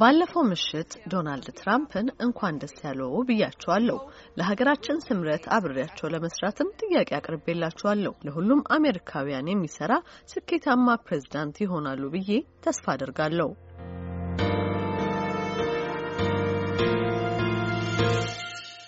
ባለፈው ምሽት ዶናልድ ትራምፕን እንኳን ደስ ያለው ብያቸዋለሁ። ለሀገራችን ስምረት አብሬያቸው ለመስራትም ጥያቄ አቅርቤላቸዋለሁ። ለሁሉም አሜሪካውያን የሚሰራ ስኬታማ ፕሬዝዳንት ይሆናሉ ብዬ ተስፋ አድርጋለሁ።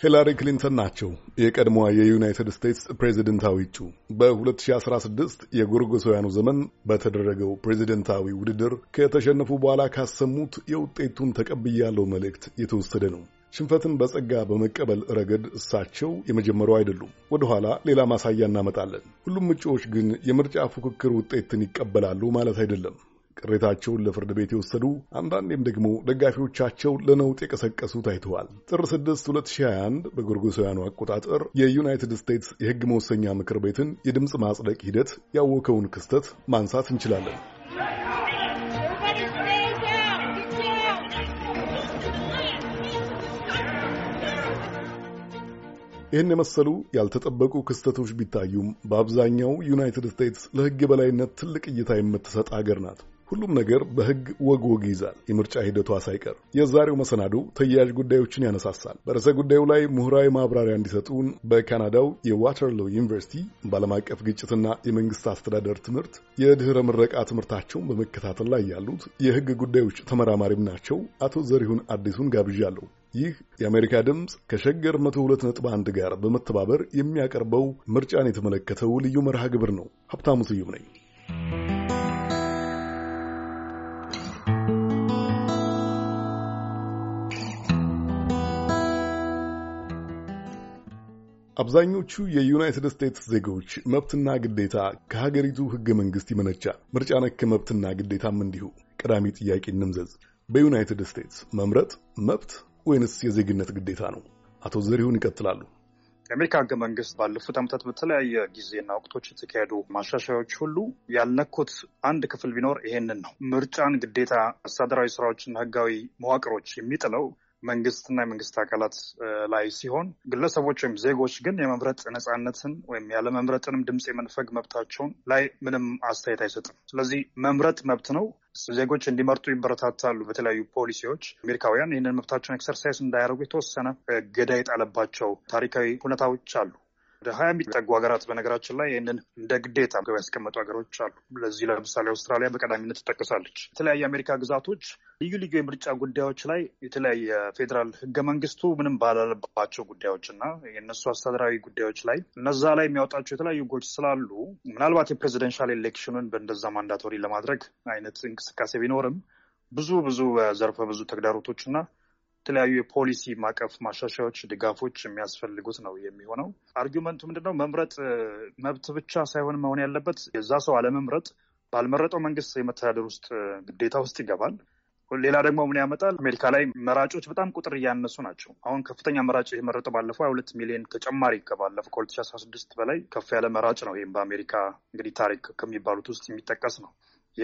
ሂላሪ ክሊንተን ናቸው የቀድሞዋ የዩናይትድ ስቴትስ ፕሬዚደንታዊ እጩ። በ2016 የጎርጎሳውያኑ ዘመን በተደረገው ፕሬዚደንታዊ ውድድር ከተሸነፉ በኋላ ካሰሙት የውጤቱን ተቀብያለው መልእክት የተወሰደ ነው። ሽንፈትን በጸጋ በመቀበል ረገድ እሳቸው የመጀመሪያው አይደሉም። ወደኋላ ሌላ ማሳያ እናመጣለን። ሁሉም እጩዎች ግን የምርጫ ፉክክር ውጤትን ይቀበላሉ ማለት አይደለም። ቅሬታቸውን ለፍርድ ቤት የወሰዱ አንዳንዴም ደግሞ ደጋፊዎቻቸው ለነውጥ የቀሰቀሱ ታይተዋል። ጥር 6 2021 በጎርጎሳውያኑ አቆጣጠር የዩናይትድ ስቴትስ የሕግ መወሰኛ ምክር ቤትን የድምፅ ማጽደቅ ሂደት ያወከውን ክስተት ማንሳት እንችላለን። ይህን የመሰሉ ያልተጠበቁ ክስተቶች ቢታዩም በአብዛኛው ዩናይትድ ስቴትስ ለሕግ የበላይነት ትልቅ እይታ የምትሰጥ አገር ናት። ሁሉም ነገር በሕግ ወግ ወግ ይዛል፣ የምርጫ ሂደቷ ሳይቀር። የዛሬው መሰናዶ ተያያዥ ጉዳዮችን ያነሳሳል። በርዕሰ ጉዳዩ ላይ ምሁራዊ ማብራሪያ እንዲሰጡን በካናዳው የዋተርሎ ዩኒቨርሲቲ በዓለም አቀፍ ግጭትና የመንግስት አስተዳደር ትምህርት የድኅረ ምረቃ ትምህርታቸውን በመከታተል ላይ ያሉት የሕግ ጉዳዮች ተመራማሪም ናቸው አቶ ዘሪሁን አዲሱን ጋብዣለሁ። ይህ የአሜሪካ ድምፅ ከሸገር 102.1 ጋር በመተባበር የሚያቀርበው ምርጫን የተመለከተው ልዩ መርሃ ግብር ነው። ሀብታሙ ስዩም ነኝ። አብዛኞቹ የዩናይትድ ስቴትስ ዜጎች መብትና ግዴታ ከሀገሪቱ ህገ መንግስት ይመነጫል። ምርጫ ነክ መብትና ግዴታም እንዲሁ። ቀዳሚ ጥያቄ እንምዘዝ። በዩናይትድ ስቴትስ መምረጥ መብት ወይንስ የዜግነት ግዴታ ነው? አቶ ዘሪሁን ይቀጥላሉ። የአሜሪካ ህገ መንግስት ባለፉት ዓመታት በተለያየ ጊዜና ወቅቶች የተካሄዱ ማሻሻያዎች ሁሉ ያልነኩት አንድ ክፍል ቢኖር ይሄንን ነው። ምርጫን ግዴታ፣ አስተዳደራዊ ስራዎችና ህጋዊ መዋቅሮች የሚጥለው መንግስትና የመንግስት አካላት ላይ ሲሆን ግለሰቦች ወይም ዜጎች ግን የመምረጥ ነፃነትን ወይም ያለመምረጥንም ድምፅ የመንፈግ መብታቸውን ላይ ምንም አስተያየት አይሰጥም። ስለዚህ መምረጥ መብት ነው። ዜጎች እንዲመርጡ ይበረታታሉ። በተለያዩ ፖሊሲዎች አሜሪካውያን ይህንን መብታቸውን ኤክሰርሳይዝ እንዳያደርጉ የተወሰነ ገዳ የጣለባቸው ታሪካዊ ሁኔታዎች አሉ። ወደ ሀያ የሚጠጉ ሀገራት በነገራችን ላይ ይህንን እንደ ግዴታ ገብ ያስቀመጡ ሀገሮች አሉ። ለዚህ ለምሳሌ አውስትራሊያ በቀዳሚነት ትጠቀሳለች። የተለያዩ የአሜሪካ ግዛቶች ልዩ ልዩ የምርጫ ጉዳዮች ላይ የተለያየ ፌዴራል ህገ መንግስቱ ምንም ባላለባቸው ጉዳዮች እና የእነሱ አስተዳደራዊ ጉዳዮች ላይ እነዛ ላይ የሚያወጣቸው የተለያዩ ህጎች ስላሉ ምናልባት የፕሬዚደንሻል ኤሌክሽኑን በእንደዛ ማንዳቶሪ ለማድረግ አይነት እንቅስቃሴ ቢኖርም ብዙ ብዙ ዘርፈ ብዙ ተግዳሮቶች እና የተለያዩ የፖሊሲ ማቀፍ ማሻሻዎች ድጋፎች የሚያስፈልጉት ነው የሚሆነው። አርጊመንቱ ምንድነው? መምረጥ መብት ብቻ ሳይሆን መሆን ያለበት የዛ ሰው አለመምረጥ ባልመረጠው መንግስት የመተዳደር ውስጥ ግዴታ ውስጥ ይገባል። ሌላ ደግሞ ምን ያመጣል? አሜሪካ ላይ መራጮች በጣም ቁጥር እያነሱ ናቸው። አሁን ከፍተኛ መራጭ የመረጠ ባለፈው ሁለት ሚሊዮን ተጨማሪ ከባለፈው ከሁለት ሺህ አስራ ስድስት በላይ ከፍ ያለ መራጭ ነው። ይህም በአሜሪካ እንግዲህ ታሪክ ከሚባሉት ውስጥ የሚጠቀስ ነው።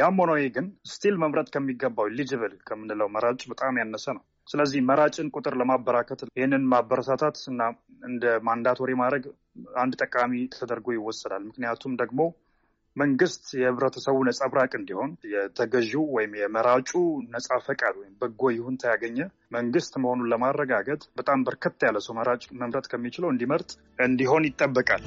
ያም ሆኖ ግን ስቲል መምረጥ ከሚገባው ኢሊጅብል ከምንለው መራጭ በጣም ያነሰ ነው። ስለዚህ መራጭን ቁጥር ለማበራከት ይህንን ማበረታታት እና እንደ ማንዳቶሪ ማድረግ አንድ ጠቃሚ ተደርጎ ይወሰዳል። ምክንያቱም ደግሞ መንግስት የህብረተሰቡ ነጸብራቅ እንዲሆን የተገዢው ወይም የመራጩ ነጻ ፈቃድ ወይም በጎ ይሁንታ ያገኘ መንግስት መሆኑን ለማረጋገጥ በጣም በርከት ያለ ሰው መራጭ መምረጥ ከሚችለው እንዲመርጥ እንዲሆን ይጠበቃል።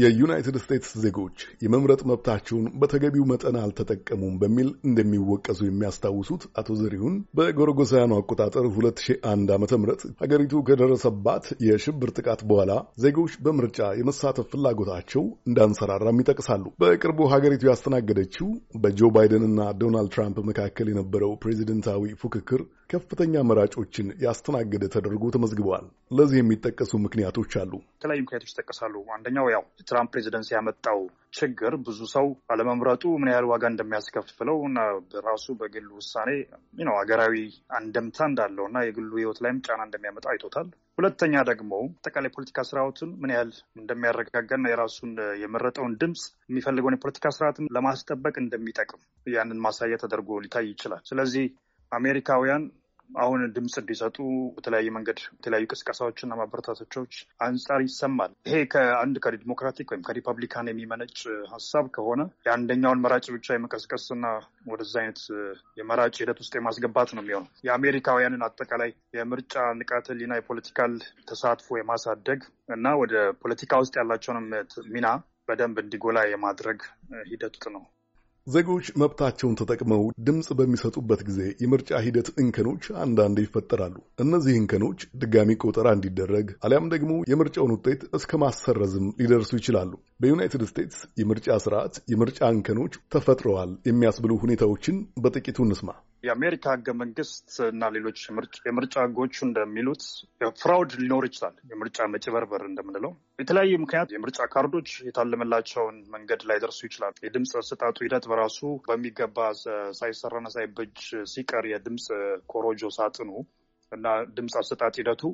የዩናይትድ ስቴትስ ዜጎች የመምረጥ መብታቸውን በተገቢው መጠን አልተጠቀሙም በሚል እንደሚወቀሱ የሚያስታውሱት አቶ ዘሪሁን በጎረጎሳያኑ አቆጣጠር 2001 ዓ ም ሀገሪቱ ከደረሰባት የሽብር ጥቃት በኋላ ዜጎች በምርጫ የመሳተፍ ፍላጎታቸው እንዳንሰራራም ይጠቅሳሉ። በቅርቡ ሀገሪቱ ያስተናገደችው በጆ ባይደንና ዶናልድ ትራምፕ መካከል የነበረው ፕሬዚደንታዊ ፉክክር ከፍተኛ መራጮችን ያስተናገደ ተደርጎ ተመዝግበዋል። ለዚህ የሚጠቀሱ ምክንያቶች አሉ። የተለያዩ ምክንያቶች ይጠቀሳሉ። አንደኛው ያው የትራምፕ ፕሬዚደንስ ያመጣው ችግር ብዙ ሰው አለመምረጡ ምን ያህል ዋጋ እንደሚያስከፍለው እና በራሱ በግሉ ውሳኔ ነው ሀገራዊ አንደምታ እንዳለው እና የግሉ ሕይወት ላይም ጫና እንደሚያመጣ አይቶታል። ሁለተኛ ደግሞ አጠቃላይ ፖለቲካ ስርዓቱን ምን ያህል እንደሚያረጋጋና የራሱን የመረጠውን ድምፅ የሚፈልገውን የፖለቲካ ስርዓትን ለማስጠበቅ እንደሚጠቅም ያንን ማሳያ ተደርጎ ሊታይ ይችላል። ስለዚህ አሜሪካውያን አሁን ድምፅ እንዲሰጡ በተለያየ መንገድ የተለያዩ ቅስቀሳዎችና ማበረታቶቻዎች አንጻር ይሰማል። ይሄ ከአንድ ከዲሞክራቲክ ወይም ከሪፐብሊካን የሚመነጭ ሀሳብ ከሆነ የአንደኛውን መራጭ ብቻ የመቀስቀስና ወደዛ አይነት የመራጭ ሂደት ውስጥ የማስገባት ነው የሚሆነው። የአሜሪካውያንን አጠቃላይ የምርጫ ንቃተ ህሊና፣ የፖለቲካል ተሳትፎ የማሳደግ እና ወደ ፖለቲካ ውስጥ ያላቸውንም ሚና በደንብ እንዲጎላ የማድረግ ሂደት ነው ዜጎች መብታቸውን ተጠቅመው ድምፅ በሚሰጡበት ጊዜ የምርጫ ሂደት እንከኖች አንዳንዴ ይፈጠራሉ። እነዚህ እንከኖች ድጋሚ ቆጠራ እንዲደረግ አሊያም ደግሞ የምርጫውን ውጤት እስከ ማሰረዝም ሊደርሱ ይችላሉ። በዩናይትድ ስቴትስ የምርጫ ስርዓት የምርጫ እንከኖች ተፈጥረዋል የሚያስብሉ ሁኔታዎችን በጥቂቱ እንስማ። የአሜሪካ ህገ መንግስት እና ሌሎች የምርጫ ህጎቹ እንደሚሉት ፍራውድ ሊኖር ይችላል። የምርጫ መጭበርበር እንደምንለው የተለያዩ ምክንያት የምርጫ ካርዶች የታለመላቸውን መንገድ ላይ ደርሱ ይችላል። የድምፅ ስጣቱ ሂደት በራሱ በሚገባ ሳይሰራና ሳይበጅ ሲቀር የድምፅ ኮሮጆ ሳጥኑ እና ድምፅ አሰጣጥ ሂደቱ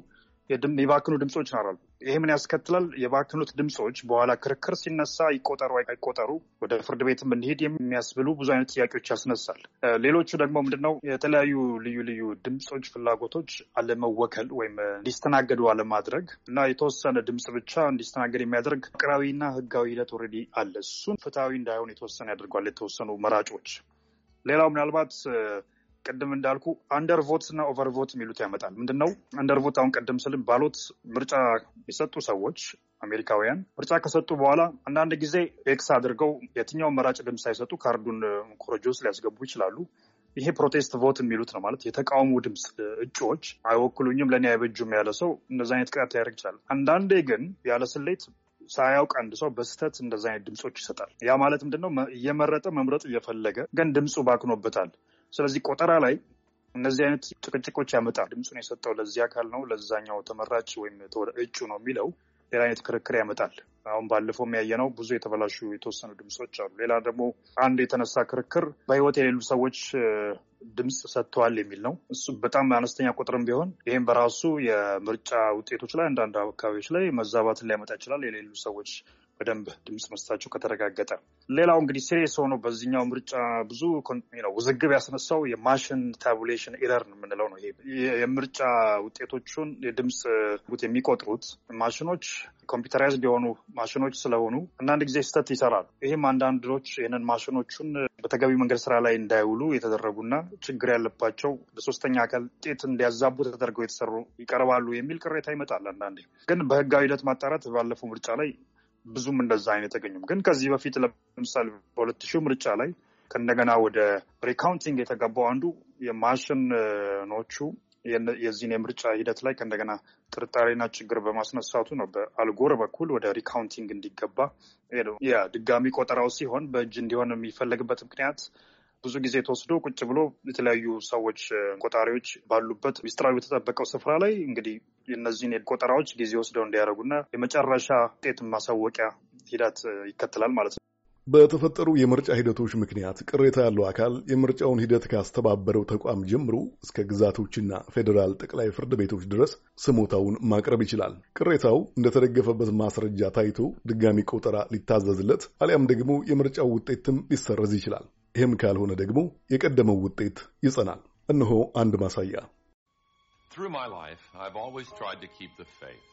የባክኑ ድምፆች ናራሉ ይሄ ምን ያስከትላል? የባክኑት ድምፆች በኋላ ክርክር ሲነሳ ይቆጠሩ አይቆጠሩ፣ ወደ ፍርድ ቤት እንሄድ የሚያስብሉ ብዙ አይነት ጥያቄዎች ያስነሳል። ሌሎቹ ደግሞ ምንድነው የተለያዩ ልዩ ልዩ ድምፆች ፍላጎቶች አለመወከል ወይም እንዲስተናገዱ አለማድረግ እና የተወሰነ ድምፅ ብቻ እንዲስተናገድ የሚያደርግ አቅራዊና ህጋዊ ሂደት ረዲ አለ። እሱን ፍትሐዊ እንዳይሆን የተወሰነ ያደርጓል የተወሰኑ መራጮች ሌላው ምናልባት ቅድም እንዳልኩ አንደር ቮትስ እና ኦቨር ቮት የሚሉት ያመጣል። ምንድነው አንደር ቮት? አሁን ቅድም ስልም ባሎት ምርጫ የሰጡ ሰዎች አሜሪካውያን ምርጫ ከሰጡ በኋላ አንዳንድ ጊዜ ኤክስ አድርገው የትኛውን መራጭ ድምፅ ሳይሰጡ ካርዱን ኮረጆ ውስጥ ሊያስገቡ ይችላሉ። ይሄ ፕሮቴስት ቮት የሚሉት ነው። ማለት የተቃውሞ ድምፅ እጩዎች አይወክሉኝም፣ ለእኔ አይበጁም ያለ ሰው እንደዚ አይነት ቅጣት ያደርግ ይችላል። አንዳንዴ ግን ያለ ስሌት ሳያውቅ አንድ ሰው በስህተት እንደዚ አይነት ድምፆች ይሰጣል። ያ ማለት ምንድነው? እየመረጠ መምረጥ እየፈለገ ግን ድምፁ ባክኖበታል። ስለዚህ ቆጠራ ላይ እነዚህ አይነት ጭቅጭቆች ያመጣል። ድምፁን የሰጠው ለዚህ አካል ነው፣ ለዛኛው ተመራጭ ወይም እጩ ነው የሚለው ሌላ አይነት ክርክር ያመጣል። አሁን ባለፈው የሚያየነው ብዙ የተበላሹ የተወሰኑ ድምፆች አሉ። ሌላ ደግሞ አንድ የተነሳ ክርክር በህይወት የሌሉ ሰዎች ድምፅ ሰጥተዋል የሚል ነው። እሱ በጣም አነስተኛ ቁጥርም ቢሆን ይህም በራሱ የምርጫ ውጤቶች ላይ አንዳንድ አካባቢዎች ላይ መዛባትን ሊያመጣ ይችላል። የሌሉ ሰዎች በደንብ ድምፅ መስታቸው ከተረጋገጠ። ሌላው እንግዲህ ሲሪየስ ሆኖ በዚህኛው ምርጫ ብዙ ውዝግብ ያስነሳው የማሽን ታቡሌሽን ኤረር የምንለው ነው። የምርጫ ውጤቶቹን የድምፅ የሚቆጥሩት ማሽኖች ኮምፒውተራይዝድ የሆኑ ማሽኖች ስለሆኑ አንዳንድ ጊዜ ስህተት ይሰራሉ። ይህም አንዳንዶች ይህንን ማሽኖቹን በተገቢ መንገድ ስራ ላይ እንዳይውሉ የተደረጉና ችግር ያለባቸው በሶስተኛ አካል ውጤት እንዲያዛቡ ተደርገው የተሰሩ ይቀርባሉ የሚል ቅሬታ ይመጣል። አንዳንዴ ግን በህጋዊ ሂደት ማጣራት ባለፈው ምርጫ ላይ ብዙም እንደዛ አይነት የተገኙም ግን ከዚህ በፊት ለምሳሌ በሁለት ሺ ምርጫ ላይ ከእንደገና ወደ ሪካውንቲንግ የተገባው አንዱ የማሽኖቹ የዚህን የምርጫ ሂደት ላይ ከእንደገና ጥርጣሬና ችግር በማስነሳቱ ነው። በአልጎር በኩል ወደ ሪካውንቲንግ እንዲገባ ድጋሚ ቆጠራው ሲሆን በእጅ እንዲሆን የሚፈለግበት ምክንያት ብዙ ጊዜ ተወስዶ ቁጭ ብሎ የተለያዩ ሰዎች ቆጣሪዎች ባሉበት ሚስጥራዊ በተጠበቀው ስፍራ ላይ እንግዲህ እነዚህን ቆጠራዎች ጊዜ ወስደው እንዲያደርጉና የመጨረሻ ውጤት ማሳወቂያ ሂደት ይከተላል ማለት ነው። በተፈጠሩ የምርጫ ሂደቶች ምክንያት ቅሬታ ያለው አካል የምርጫውን ሂደት ካስተባበረው ተቋም ጀምሮ እስከ ግዛቶችና ፌዴራል ጠቅላይ ፍርድ ቤቶች ድረስ ስሞታውን ማቅረብ ይችላል። ቅሬታው እንደተደገፈበት ማስረጃ ታይቶ ድጋሚ ቆጠራ ሊታዘዝለት አሊያም ደግሞ የምርጫው ውጤትም ሊሰረዝ ይችላል። ይህም ካልሆነ ደግሞ የቀደመው ውጤት ይጸናል። እነሆ አንድ ማሳያ። Through my life, I've always tried to keep the faith.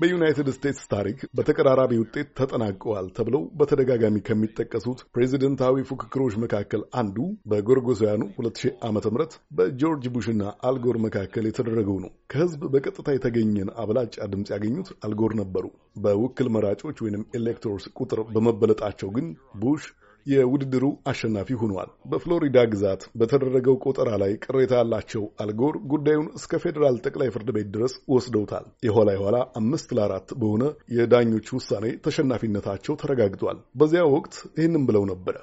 በዩናይትድ ስቴትስ ታሪክ በተቀራራቢ ውጤት ተጠናቀዋል ተብለው በተደጋጋሚ ከሚጠቀሱት ፕሬዚደንታዊ ፉክክሮች መካከል አንዱ በጎርጎሳውያኑ 2000 ዓ ም በጆርጅ ቡሽና አልጎር መካከል የተደረገው ነው። ከህዝብ በቀጥታ የተገኘን አብላጫ ድምፅ ያገኙት አልጎር ነበሩ። በውክል መራጮች ወይም ኤሌክቶርስ ቁጥር በመበለጣቸው ግን ቡሽ የውድድሩ አሸናፊ ሆኗል። በፍሎሪዳ ግዛት በተደረገው ቆጠራ ላይ ቅሬታ ያላቸው አልጎር ጉዳዩን እስከ ፌዴራል ጠቅላይ ፍርድ ቤት ድረስ ወስደውታል። የኋላ የኋላ አምስት ለአራት በሆነ የዳኞች ውሳኔ ተሸናፊነታቸው ተረጋግጧል። በዚያ ወቅት ይህንም ብለው ነበረ።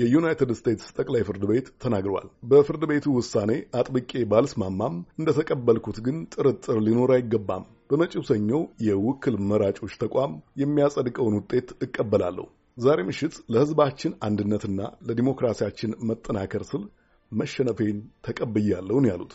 የዩናይትድ ስቴትስ ጠቅላይ ፍርድ ቤት ተናግረዋል። በፍርድ ቤቱ ውሳኔ አጥብቄ ባልስማማም እንደተቀበልኩት ግን ጥርጥር ሊኖር አይገባም። በመጪው ሰኞ የውክል መራጮች ተቋም የሚያጸድቀውን ውጤት እቀበላለሁ። ዛሬ ምሽት ለሕዝባችን አንድነትና ለዲሞክራሲያችን መጠናከር ስል መሸነፌን ተቀብያለሁ ያሉት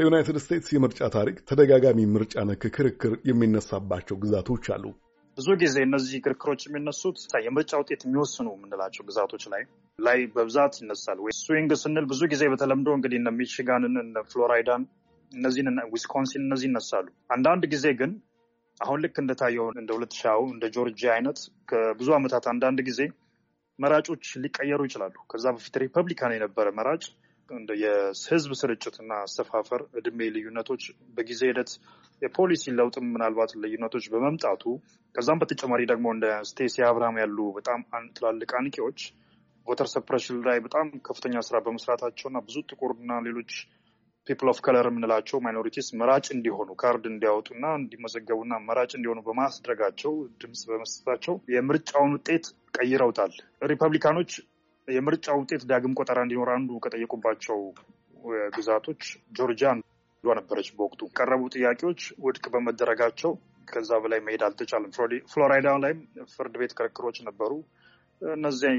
በዩናይትድ ስቴትስ የምርጫ ታሪክ ተደጋጋሚ ምርጫ ነክ ክርክር የሚነሳባቸው ግዛቶች አሉ። ብዙ ጊዜ እነዚህ ክርክሮች የሚነሱት የምርጫ ውጤት የሚወስኑ የምንላቸው ግዛቶች ላይ ላይ በብዛት ይነሳል። ወይ ስዊንግ ስንል ብዙ ጊዜ በተለምዶ እንግዲህ እነ ሚቺጋንን፣ እነ ፍሎራይዳን፣ እነዚህን ዊስኮንሲን፣ እነዚህ ይነሳሉ። አንዳንድ ጊዜ ግን አሁን ልክ እንደታየው እንደ ሁለት ሻው እንደ ጆርጂያ አይነት ከብዙ ዓመታት አንዳንድ ጊዜ መራጮች ሊቀየሩ ይችላሉ። ከዛ በፊት ሪፐብሊካን የነበረ መራጭ የህዝብ ስርጭትና አሰፋፈር እድሜ ልዩነቶች በጊዜ ሂደት የፖሊሲ ለውጥም ምናልባት ልዩነቶች በመምጣቱ ከዛም በተጨማሪ ደግሞ እንደ ስቴሲ አብርሃም ያሉ በጣም ትላልቅ አንቂዎች ቮተር ሰፕሬሽን ላይ በጣም ከፍተኛ ስራ በመስራታቸውና ብዙ ጥቁርና ሌሎች ፒፕል ኦፍ ከለር የምንላቸው ማይኖሪቲስ መራጭ እንዲሆኑ ካርድ እንዲያወጡና እንዲመዘገቡና መራጭ እንዲሆኑ በማስደረጋቸው ድምፅ በመስጠታቸው የምርጫውን ውጤት ቀይረውታል። ሪፐብሊካኖች የምርጫ ውጤት ዳግም ቆጠራ እንዲኖር አንዱ ከጠየቁባቸው ግዛቶች ጆርጂያ አንዷ ነበረች። በወቅቱ ቀረቡ ጥያቄዎች ውድቅ በመደረጋቸው ከዛ በላይ መሄድ አልተቻለም። ፍሎሪዳ ላይም ፍርድ ቤት ክርክሮች ነበሩ። እነዚያ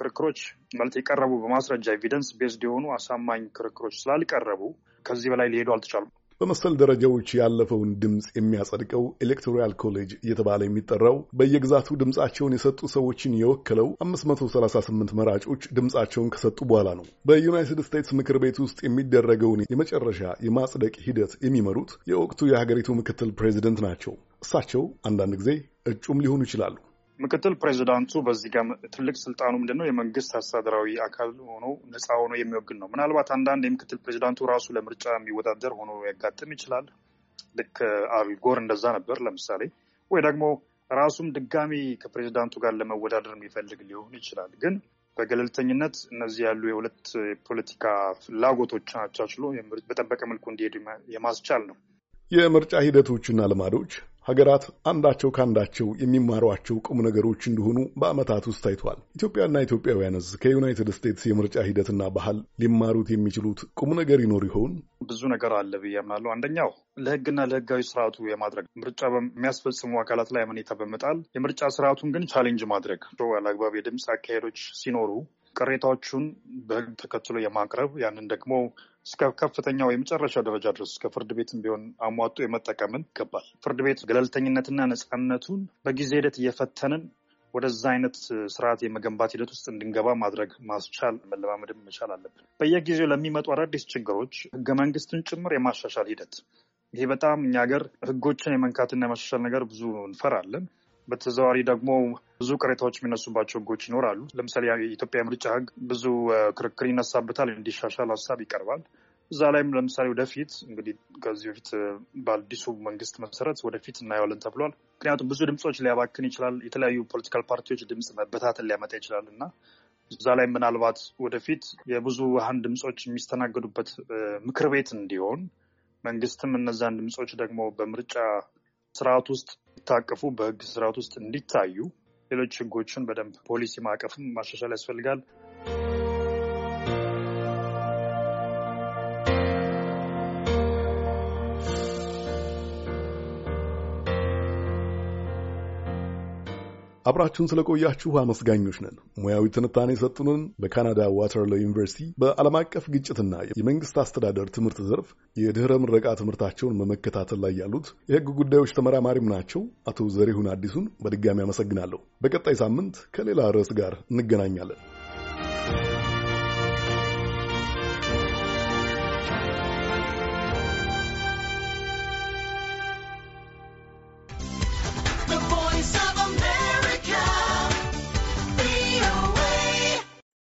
ክርክሮች ማለት የቀረቡ በማስረጃ ኤቪደንስ ቤዝድ የሆኑ አሳማኝ ክርክሮች ስላልቀረቡ ከዚህ በላይ ሊሄዱ አልተቻሉም። በመሰል ደረጃዎች ያለፈውን ድምፅ የሚያጸድቀው ኤሌክቶራል ኮሌጅ እየተባለ የሚጠራው በየግዛቱ ድምፃቸውን የሰጡ ሰዎችን የወከለው 538 መራጮች ድምፃቸውን ከሰጡ በኋላ ነው። በዩናይትድ ስቴትስ ምክር ቤት ውስጥ የሚደረገውን የመጨረሻ የማጽደቅ ሂደት የሚመሩት የወቅቱ የሀገሪቱ ምክትል ፕሬዚደንት ናቸው። እሳቸው አንዳንድ ጊዜ እጩም ሊሆኑ ይችላሉ። ምክትል ፕሬዚዳንቱ በዚህ ጋር ትልቅ ስልጣኑ ምንድን ነው? የመንግስት አስተዳደራዊ አካል ሆኖ ነፃ ሆኖ የሚወግን ነው። ምናልባት አንዳንድ የምክትል ፕሬዚዳንቱ ራሱ ለምርጫ የሚወዳደር ሆኖ ያጋጥም ይችላል። ልክ አልጎር እንደዛ ነበር ለምሳሌ። ወይ ደግሞ ራሱም ድጋሚ ከፕሬዚዳንቱ ጋር ለመወዳደር የሚፈልግ ሊሆን ይችላል። ግን በገለልተኝነት እነዚህ ያሉ የሁለት ፖለቲካ ፍላጎቶች አቻችሎ በጠበቀ መልኩ እንዲሄዱ የማስቻል ነው። የምርጫ ሂደቶችና ልማዶች ሀገራት አንዳቸው ከአንዳቸው የሚማሯቸው ቁም ነገሮች እንደሆኑ በዓመታት ውስጥ ታይቷል። ኢትዮጵያና ኢትዮጵያውያንስ ከዩናይትድ ስቴትስ የምርጫ ሂደትና ባህል ሊማሩት የሚችሉት ቁም ነገር ይኖር ይሆን? ብዙ ነገር አለ ብዬ አምናለሁ። አንደኛው ለሕግና ለሕጋዊ ስርዓቱ የማድረግ ምርጫ በሚያስፈጽሙ አካላት ላይ አመኔታ በመጣል የምርጫ ስርዓቱን ግን ቻሌንጅ ማድረግ ያለአግባብ የድምፅ አካሄዶች ሲኖሩ ቅሬታዎቹን በህግ ተከትሎ የማቅረብ ያንን ደግሞ እስከ ከፍተኛው የመጨረሻ ደረጃ ድረስ እስከ ፍርድ ቤትም ቢሆን አሟጡ የመጠቀምን ይገባል። ፍርድ ቤት ገለልተኝነትና ነፃነቱን በጊዜ ሂደት እየፈተንን ወደዛ አይነት ስርዓት የመገንባት ሂደት ውስጥ እንድንገባ ማድረግ ማስቻል መለማመድም መቻል አለብን። በየጊዜው ለሚመጡ አዳዲስ ችግሮች ህገ መንግስትን ጭምር የማሻሻል ሂደት ይሄ በጣም እኛ ሀገር ህጎችን የመንካትና የማሻሻል ነገር ብዙ እንፈራለን። በተዘዋዋሪ ደግሞ ብዙ ቅሬታዎች የሚነሱባቸው ህጎች ይኖራሉ። ለምሳሌ የኢትዮጵያ ምርጫ ህግ ብዙ ክርክር ይነሳበታል፣ እንዲሻሻል ሀሳብ ይቀርባል። እዛ ላይም ለምሳሌ ወደፊት እንግዲህ ከዚህ በፊት በአዲሱ መንግስት መሰረት ወደፊት እናየዋለን ተብሏል። ምክንያቱም ብዙ ድምፆች ሊያባክን ይችላል። የተለያዩ ፖለቲካል ፓርቲዎች ድምፅ መበታተን ሊያመጣ ይችላል እና እዛ ላይ ምናልባት ወደፊት ውሃን ድምፆች የሚስተናገዱበት ምክር ቤት እንዲሆን መንግስትም እነዛን ድምፆች ደግሞ በምርጫ ስርዓት ውስጥ እንዲታቀፉ በህግ ስርዓት ውስጥ እንዲታዩ ሌሎች ህጎችን በደንብ ፖሊሲ ማዕቀፍም ማሻሻል ያስፈልጋል። አብራችሁን ስለቆያችሁ አመስጋኞች ነን። ሙያዊ ትንታኔ የሰጡንን በካናዳ ዋተርሎ ዩኒቨርሲቲ በዓለም አቀፍ ግጭትና የመንግስት አስተዳደር ትምህርት ዘርፍ የድኅረ ምረቃ ትምህርታቸውን በመከታተል ላይ ያሉት የሕግ ጉዳዮች ተመራማሪም ናቸው አቶ ዘሪሁን አዲሱን በድጋሚ አመሰግናለሁ። በቀጣይ ሳምንት ከሌላ ርዕስ ጋር እንገናኛለን።